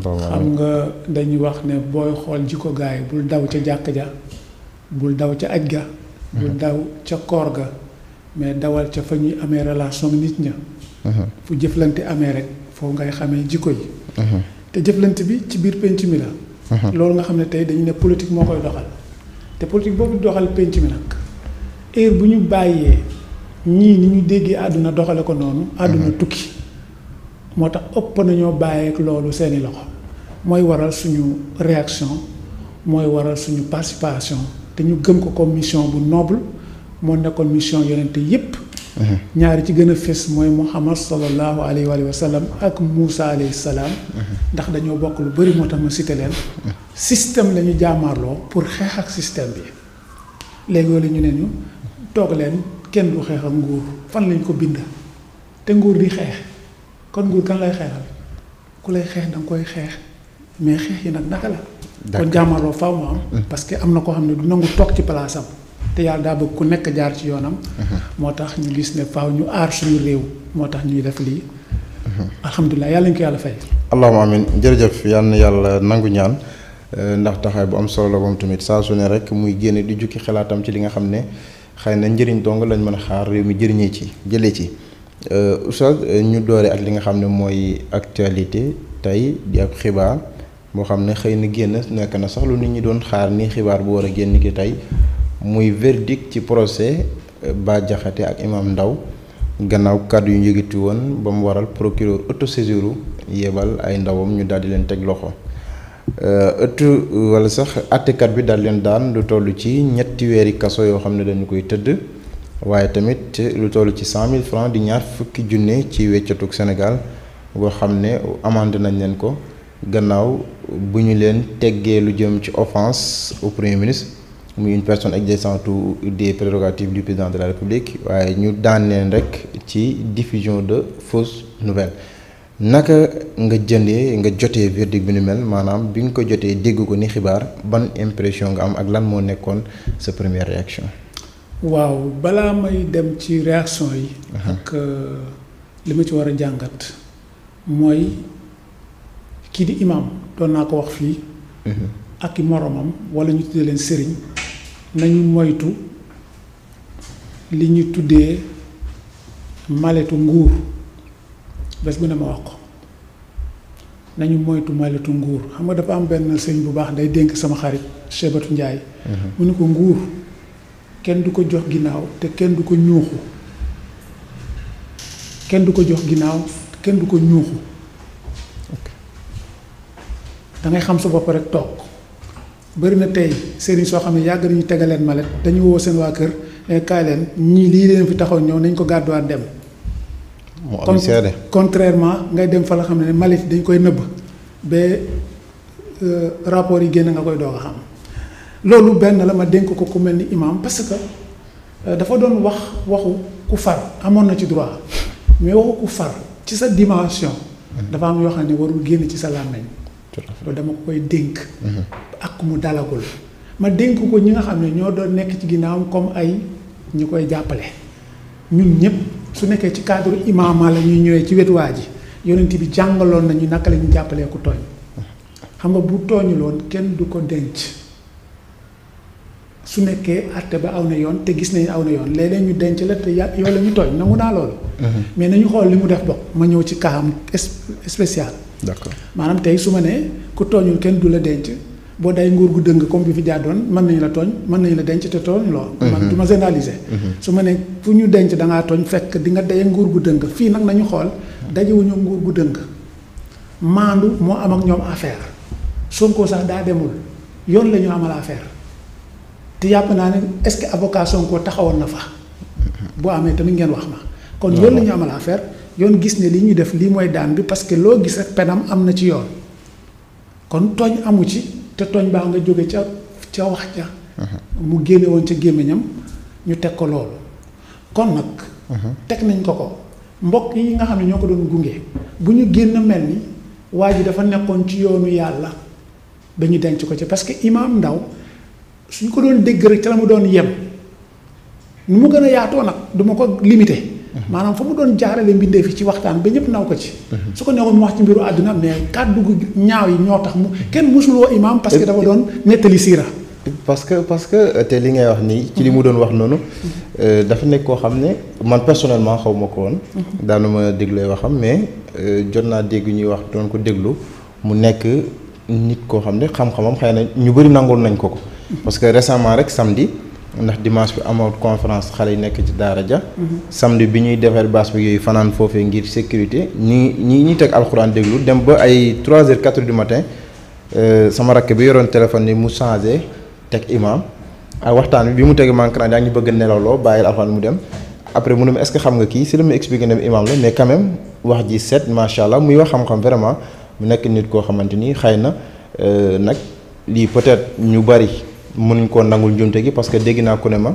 xam nga dañuy wax ne booy xool jikko gaay bul daw ca jàkk ja bul daw ca aj ga mhm. bul daw ca koor ga mais dawal ca fa ñuy amee relation nit ña mhm. fu jëflante amee rek foo ngay xamee jikko yi mhm. te jëflante bi ci biir pénc mi la loolu nga xam ne tey dañu ne politique moo koy doxal te politique boobu doxal penc mi nag heure bu ñu bàyyee ñii ni ñu déggee àdduna doxale ko noonu àdduna tukki moo tax ëpp nañoo bàyyeek loolu seeni loxo mooy waral suñu réaction mooy waral suñu participation te ñu gëm ko ko mission bu noble moo nekkoon mission yonente yépp mhm. ñaari ci gën a fés mooy muhammad sallallahu alayhi wa sallam ak Moussa alayhi salaam. Mhm. ndax dañoo bokk lu bari moo tax ma cité leen. Mhm. système la jaamaarloo pour xeex ak système bi léegi la ñu ne ñu toog leen kenn du xeex ak nguur fan lañ ko bind te nguur di xeex. kon nguur kan lay xeexal ku lay xeex da koy xeex mais xeex yi nag naka la. kon jàmmarloo faaw mu am. Mm-hmm. parce que am na koo xam ne du nangu toog ci palaasam. te yàlla daa bëgg ku nekk jaar ci yoonam. Mm-hmm. moo tax ñu gis ne faaw ñu aar suñu réew moo tax ñuy def lii. Mm-hmm. alhamdulilah yàlla ñu ko yàlla fay. allahumma amin jërëjëf yal na yàlla nangu ñaan. Euh, ndax taxaay bu am solo la moom tamit saa su ne rek muy génne di jukki xalaatam ci li nga xam ne xëy na njëriñ dong lañ mën a xaar réew mi jëriñee ci jëlee ci. Euh, Oustaz euh, ñu doore ak li nga xam ne mooy actualité tey di ab xibaar moo xam ne xëy na génn nekk na sax lu nit ñi doon xaar ni xibaar bu war a génn ki tey muy verdict ci procès euh, Bah Diakhaté ak Imam ndaw gannaaw kàddu yu njëgiti woon ba mu waral procureur auto-saisiru yebal ay ndawam ñu daal di leen teg loxo ëttu wala sax àttekat bi daal leen daan lu toll ci ñetti weeri kaso yoo xam ne dañu koy tëdd waaye tamit lu toll ci cent mille francs di ñaar fukki junne ci weccatu Sénégal boo xam ne amande nañ leen ko gannaaw bu ñu leen teggee lu jëm ci offense au premier ministre muy une personne exerçant des prérogatives du président de la République waaye ñu daan leen rek ci diffusion de fausses nouvelles naka nga jëndee nga jotee verdict bi nu mel maanaam bi nga ko jotee dégg ko ni xibaar ban impression nga am ak lan moo nekkoon sa première réaction. waaw balaa may dem ci réaction yi. ak euh, li ma ci war a jàngat mooy kii di imam doon naa ko wax fii. Mhm. ak moroomam walla ñu tuddee leen sëriñ nañu moytu li ñu tuddee maletu nguur bés bu ne ma wax ko nañu moytu maletu nguur xam nga dafa am benn sëriñ bu baax day dénk sama xarit Chebatu Njaay mhm. mu ko nguur. kenn du ko jox ginnaaw te kenn du ko ñuuxu kenn du ko jox ginnaaw kenn du ko ñuuxu da ngay xam sa bopp rek toog bëri na tey sëriñ soo xam ne yàgg nañu tegaleen malet dañu woo seen waa kër eh, kaay leen ñii lii leen fi taxaw ñëw nañ ko gàdduwaat dem. kon contrairement ngay dem fa la xam ne malet dañ koy nëbb ba euh, rapport yi génn nga koy doo xam. loolu benn la ma dénk ko ku mel ni imam parce que euh, dafa doon wax waxu ku far amoon na ci droit mais waxu ku far ci sa dimension dafa am yoo xam ne warul génn ci sa làmmeñ loolu dama koy dénk mhm. ak mu dalagul ma dénk ko ñi nga xam ne ñoo doon nekk ci ginnaawam comme ay ñi koy jàppale ñun ñëpp su nekkee ci cadre imaama la ñuy ñëwee ci wetu waa ji yonent bi jàngaloon nañu naka lañu jàppalee ku tooñ xam nga bu tooñuloon kenn du ko denc su nekkee àtte ba aw na yoon te gis nañu aw na yoon léeg ñu denc la te ya yow la ñu tooñ nangu naa loolu. Mhm. mais nañu xool li mu def bopp ma ñëw ci kaam spécial. d'accord maanaam tey su ma nee ku tooñul kenn du la denc boo day nguur gu dëng comme bi fi jaadoon mën nañu la tooñ mën nañu la denc te tooñ loo. Mhm. man du ma généraliser. Mhm. su ma nee fu ñu denc da tooñ fekk di nga daye nguur gu dëng fii nag nañu xool dajewuñu nguur gu dëng maandu moo am ak ñoom affaire Sonko sax daa demul la ñu amal affaire. te yàpp naa ne est-ce que avocat Sonko taxawoon na fa boo amee tamit ngeen wax ma kon loolu la ñu amal affaire yoon gis ne li ñuy def lii mooy daan bi parce que loo gis rek penam am na ci yoon kon tooñ amu ci te tooñ baa nga jóge ca ca wax ja mu génne woon ca gémmiñam ñu teg ko loolu kon nag teg nañ ko ko mbokk yi nga xam ne ñoo ko doon gunge bu ñu génn mel ni waa ji dafa nekkoon ci yoonu yàlla dañu denc ko ca parce que imaam Ndaw suñ ko doon dégg rek ca la mu doon yem nu mu gën a yaatoo nag du ko limité. maanaam fa mu doon jaarale mbindeef yi ci waxtaan ba ñëpp naw ko ci. Mhm. su ko neexoon mu wax ci mbiru àdduna mais kàddu gu yi ñoo tax mu kenn musuloo imaam parce que dafa doon nettali siira. parce que parce que euh, te li ngay wax nii. li mu doon wax noonu. Euh, dafa nekk koo xam ne man personnellement xaw ko woon. Mhm. daanuma dégluy waxam mais euh, jot naa dégg ñuy wax doon déglu mu nekk nit koo xam ne xam-xamam xëy na ñu bëri nangoon nañ ko ko. parce que récemment rek samedi ndax dimanche bi amoon conférence xale yi nekk ci daara ja mhm. samedi bi ñuy defar baas bi yooyu fanaan foofee ngir sécurité ñi ñi ñuy teg alxuraan déglu dem ba ay 3 heures 4 heures du matin euh, sama rakk bi yoroon téléphone ni mu changé teg imam ak ah, waxtaan bi mu teg manquant yaa ngi bëgg a nelawloo bàyyi alxuraan mu dem après mu ne ma est-ce que xam nga kii si la ma expliqué ne imam la mais quand même wax ji set macha allah muy wax xam vraiment mu nekk nit koo xamante ni xëy na euh, nag lii peut-être ñu bari. mënuñ koo nangul njuumte gi parce que dégg naa ko ne ma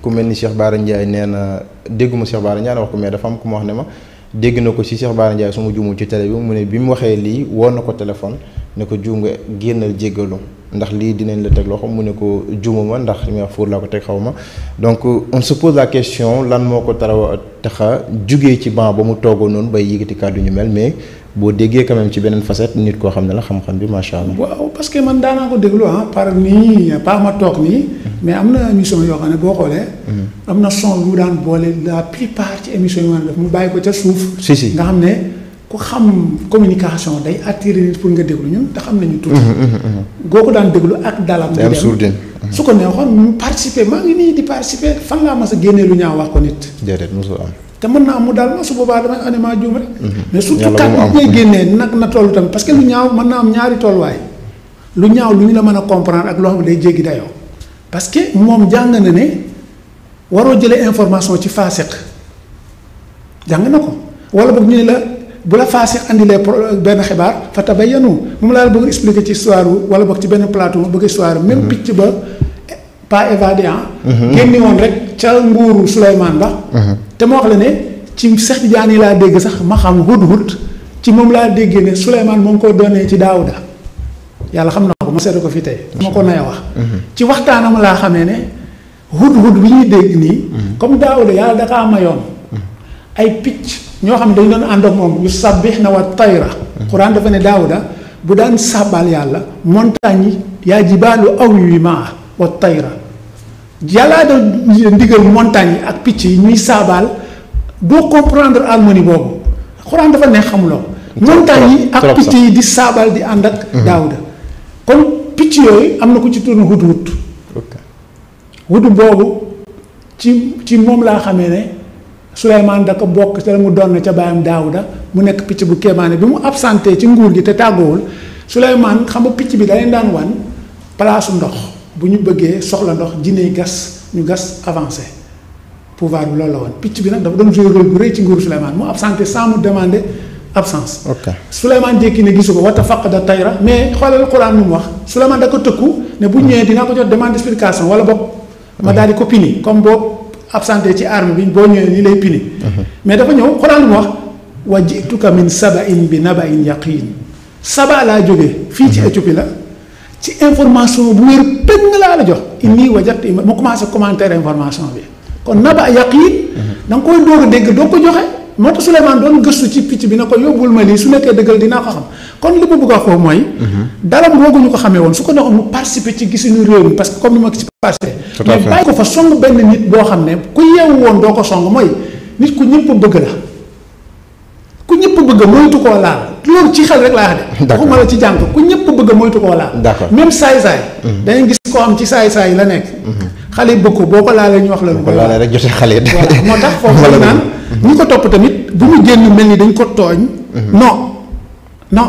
ku mel ni Cheikh Bara Ndiaye nee na dégguma Cheikh Bara Ndiaye wax ko mais dafa am ku ma wax ne ma dégg na ko si Cheikh Bara Ndiaye su ma juumul ci télé bi mu ne bi mu waxee lii woon na ko téléphone ne ko juum nga génnal jéggalu ndax lii dinañ la teg loxo mu ne ko juumuma ndax li may wax fóor laa ko teg xaw ma donc on se la question lan moo ko taraw taxa jugee ci banc ba mu toogoo noonu bay yëgati kàddu ñu mel mais boo déggee quand même ci beneen facette nit koo xam ne la xam-xam bi macha allah. waaw parce que man daanaa ko déglu ah par nii pas toog nii. mais am na émission yoo xam ne boo xoolee. Mm-hmm. am na son mu daan boole la plupart ci émission yi ma def mu bàyyi ko ca suuf. si si nga xam ne. ku xam communication day attiré nit pour nga déglu ñun te xam nañu tuuti. Mhm, mhm, mhm. goo ko daan déglu ak dalam. di dem su ko neexoon mu participer maa ngi nii di participer fan laa mas a génnee lu ñaaw wax ko nit. déedéet mosul am. te mën naa mu daal ma su boobaa damay anima juum rek. mais surtout kat bu ngay génnee nag na toll tamit parce lu ñaaw mën naa am ñaari tolluwaay. lu ñaaw lu ñu la mën a comprendre ak loo xam ne day jéggi dayoo. parce que moom jàng na ne waroo jëlee information ci faaseq jàng na bu la faasix andilee benn xibaar fa tabayyanu moom laa la bëgg expliquer ci histoire wala boog ci benn plateau ma bëgg histoire même mhm. picc ba pas évadé ah. Mhm. génni woon rek ca nguuru Souleymane Ba. Mhm. te moo wax la ne ci Cheikh Tidiane yi laa dégg sax ma xam hudhud ci moom laa déggee ne Souleymane moo ko doonee ci Daawuda yàlla xam na ko ma seetlu ko fi tey. ma ko nay wax. ci waxtaanam laa xamee ne hudhud bi ñuy dégg nii. comme Daawuda yàlla da kaa mayoon. ay picc ñoo xam ne dañ doon ànd ak moom yu sabbih na wa tayra mm-hmm. quran dafa ne daawuda bu daan saabal yàlla montagne yaa jibaalu awwi maa wa tayra yàllaa da ndigal montagne yi ak picc yi ñuy saabal doo comprendre harmonie boobu quran dafa ne xamuloo montagne yi ak picc yi di saabal di ànd ak mm-hmm. daawuda kon picc yooyu am na ko ci turne hudhud hudhud boobu ci ci moom laa xamee ne Souleymane da ko bokk ca la mu doon ca baayam Daawuda mu nekk picc bu kemaane bi mu absenté ci nguur gi te tàggoowul Souleymane xam nga picc bi da leen daan wan palaasu ndox bu ñu bëggee soxla ndox jiney gas ñu gas avancé pouvoir bi loolu la woon picc bi nag dafa doon jouer rôle bu rëy ci nguuru Souleymane mu absenté sans mu demander absence. ok Souleymane jékki ne gisu ko wata faq da tayra mais xoolal Quran mu wax Souleymane da ko tëkku ne bu ñëwee dinaa ko demande explication wala boog. ma daal di absenté ci arme bi boo ñëwee ni lay pini mais dafa ñëw xuraan lu wax wa jituka min sabain bi nabain yaqin saba laa jógee fii ci mhm. Éthiopie la ci information bu wér péng laa la jox inni mhm. wajat ma mu commencé commentaire information bi kon naba yaqin mhm. da nga koy door a dégg doo ko joxe moo tax Souleymane doon gëstu ci picc bi na ko yóbbul ma lii su nekkee dëggal dinaa ko xam kon li ma bëgg a wax mooy. Mhm. dara googu ñu ko xamee woon su ko neexoon mu participer ci gisuñu réew mi parce que comme ni ma gis participer. mais bàyyi ko fa song benn nit boo xam ne ku yeewu woon doo ko song mooy nit ku ñëpp bëgg la ku ñëpp bëgg moytu koo ci xel rek laa de. d'accord waxuma la ci jàng ku ñëpp bëgg moytu koo laal. d'accord même saay-saay. Mhm. dañuy gis koo am ci saay-saay la nekk. Mhm. xale yi bëgg ko boo ko laalee ñu wax la. boo ko laalee moo tax foofu naan ñu ko topp tamit bu mu génn mel ni dañ ko tooñ. Mhm. non non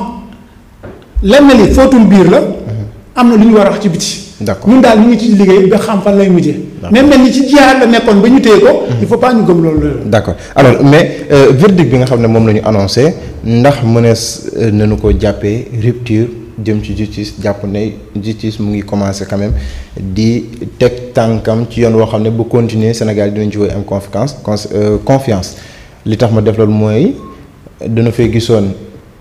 lenn li footum biir la. Mhm. am na lu ñu war a ci biti. d'accord ñun daal mu ngi ci liggéey ba xam fan lay mujjee. mais mel ni ci jiyaar la nekkoon ba ñu téye ko. Mhm. il faut pas ñu gëm loolu la. d'accord alors mais euh, verdict bi nga xam ne moom la ñu annoncé ndax mënees euh, nañu ko jàppee rupture. jëm ci justice jàpp ne justice mu ngi commencé quand même di teg tànkam ci yoon woo xam ne bu continuer Sénégal dinañ ci woy am confiance euh, confiance li tax ma def loolu mooy dana fee gisoon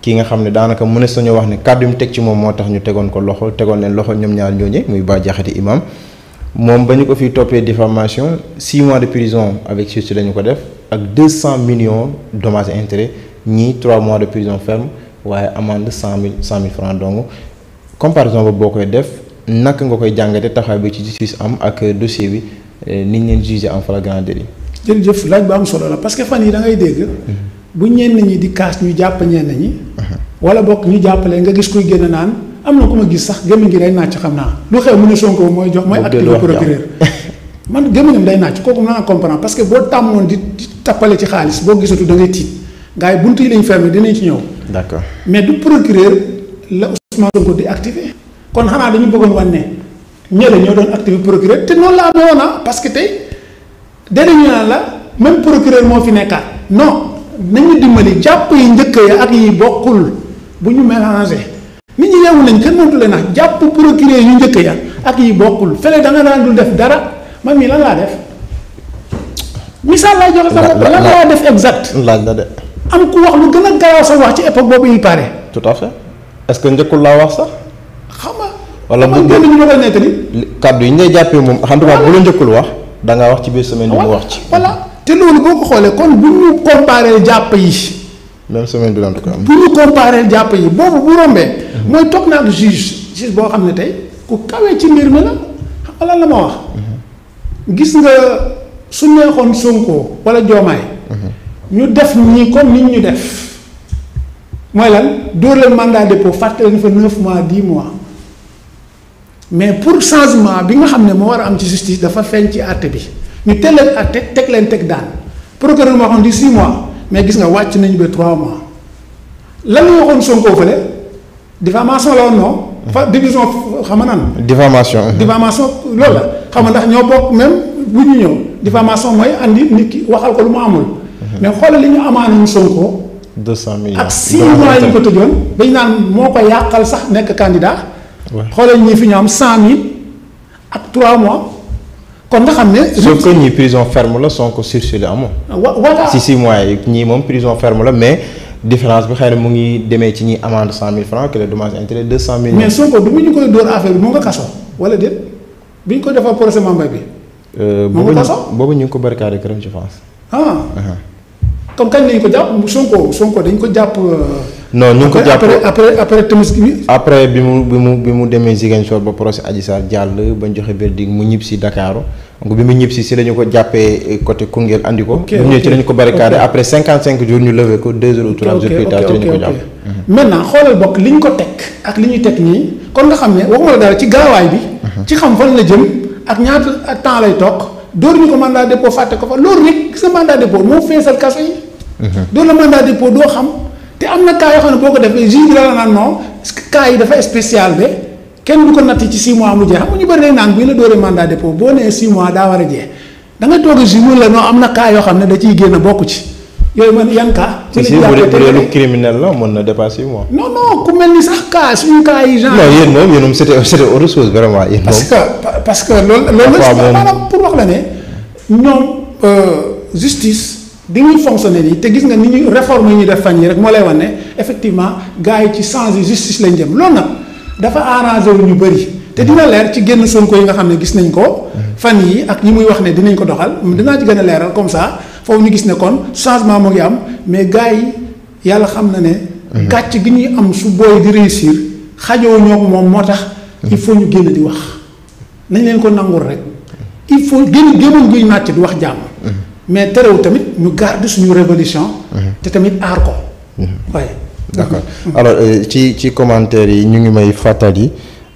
ki nga xam ne daanaka mënees nañoo wax ne kàddu yi mu teg ci moom moo tax ñu tegoon ko loxo tegoon leen loxo ñoom ñaar ñooñe muy Bah Diakhaté imam moom ba ñu ko fi toppee diffamation six mois de prison avec sursis lañu ko def ak deux cent million dommages et intérêts trois mois de prison ferme. waaye amende cent mille cent mille francs donc comparaison ba boo koy def naka nga koy jàngate taxawaay bi ci justice am ak dossier bi eh, niñ leen jugé en flagrant délit. jërëjëf laaj bu am solo la parce que fan yi da ngay dégg. bu ñenn ñi di kaas ñu jàpp ñenn ñi. wala bokk ñu jàppalee nga gis kuy génn naan am na ku ma gis sax gémmiñ gi day nàcc xam naa lu xew mu ne Sonko mooy jox mooy activité procureur man gémmiñam day nàcc kooku mën naa comprendre parce que boo tàmmoon di di tappale ci xaalis boo gisatu da ngay yi bunt yi lañ fermé dinañ ci ñëw d'accord mais du procureur la Ousmane Sonko di activé kon xanaa dañu bëggoon wàññi ne ñële ñoo doon activé procureur te noonu la amee woon parce que tey danañu naan la même procureur moo fi nekkaat non nañu dimbali jàpp yi njëkk ya ak yi bokkul bu ñu mélangé nit ñi yeewu nañ kenn mëntu leen a jàpp procureur yu njëkk ak yi bokkul fële da nga daan dul def dara man mii lan laa def misaal laa joxe sa bopp lan laa def exact am ku wax lu gën a garaaw sa wax ci époque boobu il paraît. tout à fait est que njëkkul laa wax sax. xam walla wala bu génn ñu doon nettali. kàddu yi ñu lay jàppee moom. xam nga bu la wax. da ngaa wax biir semaine bi mu wax ci. voilà te loolu boo ko xoolee kon bu ñu comparé jàpp yi. même semaine bi la ko am. bu ñu comparé jàpp yi boobu bu rombee. Mhm. mooy toog naa ak juge juge boo xam ne tey ku kawee ci mbir mi la xam nga lan la ma wax. Mhm. gis nga su neexoon Sonko wala Diomaye. Mhm. ñu def ñi comme nit ñu def mooy lan dóor leen mandat dépôt fàtte leen fa neuf mois dix mois mais pour changement bi nga xam ne moo war a am ci justice dafa feeñ ci àtte bi ñu teel leen àtte teg leen teg daan procureur moo waxoon di six mois mais gis nga wàcc nañu ba trois mois lan la waxoon Sonko fële diffamation la woon non. fa division xam nan. diffamation. Uh-huh. diffamation loolu la xam nga ndax ñoo bokk même bu ñu ñëw diffamation mooy andi nit ki waxal ko lu mu amul. mais xoolal li ñu amaanoon Sonko. 200 millions ak 6 mois yi ñu ko tëjoon. dañ naan moo ko yàqal sax nekk candidat. xoolal ñii fi ñu am 100000 ak 3 mois. kon nga xam ne. sauf que ñii prison ferme la Sonko sursis la amoon. Ah, voilà si mois yi ñii moom prison ferme la mais différence bi xëy na mu ngi demee ci ñi amende 100000 francs que le dommage intérêt 200 millions. mais Sonko du ñu koy dóor affaire bi moo nga kaso wala déet bi ñu ko defal procès Mambay bi. Euh, moo nga boobu ñu ko barricadé këram je pense. Ah. Uh-huh. kon kañ lañ ko jàpp Sonko Sonko dañ ko jàpp. Euh, non ñu ngi ko jàpp après après après Tabaski bi. après bi mu bi mu bi mu demee Ziguinchor mu ñib si Dakar donc bi mu ñib si si ko jàppee côté Koungheul ko. ok bu ñëwee ci ko barricadé après 55 jours ñu levé ko 2 heures ou ko jàpp. maintenant li ñu ko teg ak xam ne waxuma la dara ci gaawaay bi. Mhm. ci xam fan la jëm ak ñaata temps lay toog dóor ñu ko mandat dépôt fàtte ko fa loolu rek sa mandat dépôt moo feesal kaso yi Mhm. doo la mandat dépôt doo xam te am na cas yoo xam ne boo ko defee juge la naan non cas yi dafa spécial ba kenn du ko natt ci 6 mu jeex xam ñu bëri day naan bii la dóoree mandat dépôt boo nee 6 daa war a jeex da nga toog la non am na cas yoo xam ne da ciy génn bokk ci yooyu man yan cas. ci li ñu criminel la mën na dépasser mois. non non ku mel ni sax cas suñu cas yi. genre non moom yéen moom c'était c'était autre chose vraiment yéen moom. que di ñuy fonctionner nii te gis nga ni ñuy réforme yi ñuy def fan yi rek moo lay wan ne effectivement gars yi ci changer justice lañ jëm loolu nag dafa arrangé wu ñu bëri te dina leer ci génn Sonko yi nga xam ne gis nañ ko fan yi ak ñi muy wax ne dinañ ko doxal dinaa ci gën a leeral comme ça foofu ñu gis ne kon changement moo ngi am mais gars yi yàlla xam na ne gàcc gi ñuy am su booy réussir xajoo moom moo tax il faut ñu génn di wax nañ leen ko nangul rek il faut génn gémul guy nàcc di wax jàmm mais terew tamit ñu garder suñu révolution mhm. te tamit aar ko mhm. waaye mhm. alors euh, ci ci commentaire yi ñu ngi may fàttali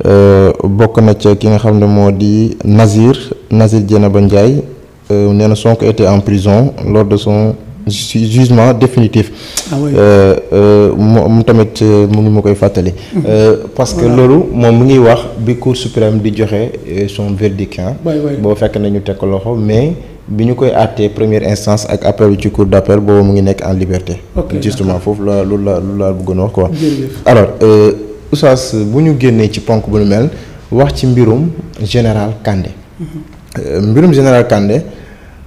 euh, bokk na ca ki nga xam ne moo di Nazir Nazir Dieynaba Ndiaye euh, nee na Sonko était en prison lors de son jugement définitif ah moom tamit mu ngi ma koy fàttali parce que loolu moom mu ngi wax bi cour suprême di joxe son verdict boo fekk nañu teg ko loxo mais bi ñu koy àttee première instance ak appel bi ci cour d' appel boobu mu ngi nekk en liberté. ok justement foofu la loolu la loolu laa bëggoon wax quoi. alors euh, Oustaz bu ñu génnee ci ponk bu ñu mel wax ci mbirum général Kandé. Euh, mbirum général Kandé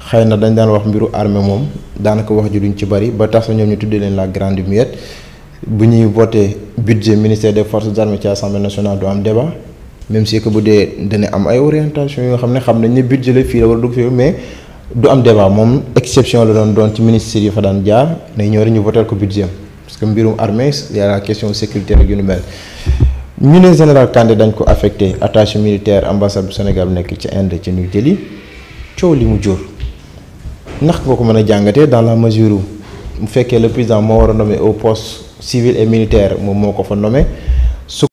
xëy na dañ daan wax mbiru armée moom daanaka wax ji duñ ci bari ba tax na ñoom ñu tuddee leen la grande muette bu ñuy voté budget ministère des forces armées ci assemblée nationale du am débat. même si que bu dee dan am ay orientation yoo xam ne xam nañ ne budget la fii la war du am débat moom exception la doon doon ci ministère yi fa daan jaar nay ñoo rek ñu voté ko budget parce que mbirum armée y la question sécurité ak yu nu mel ñu ne général Kandé dañ ko affecté attaché militaire ambassade bu Sénégal nekk ci Inde ci New Delhi coow li mu jur ndax boo ko mën a jàngatee dans la mesure mu fekkee le président moo war a nommé au poste civil et militaire moom moo ko fa nommé.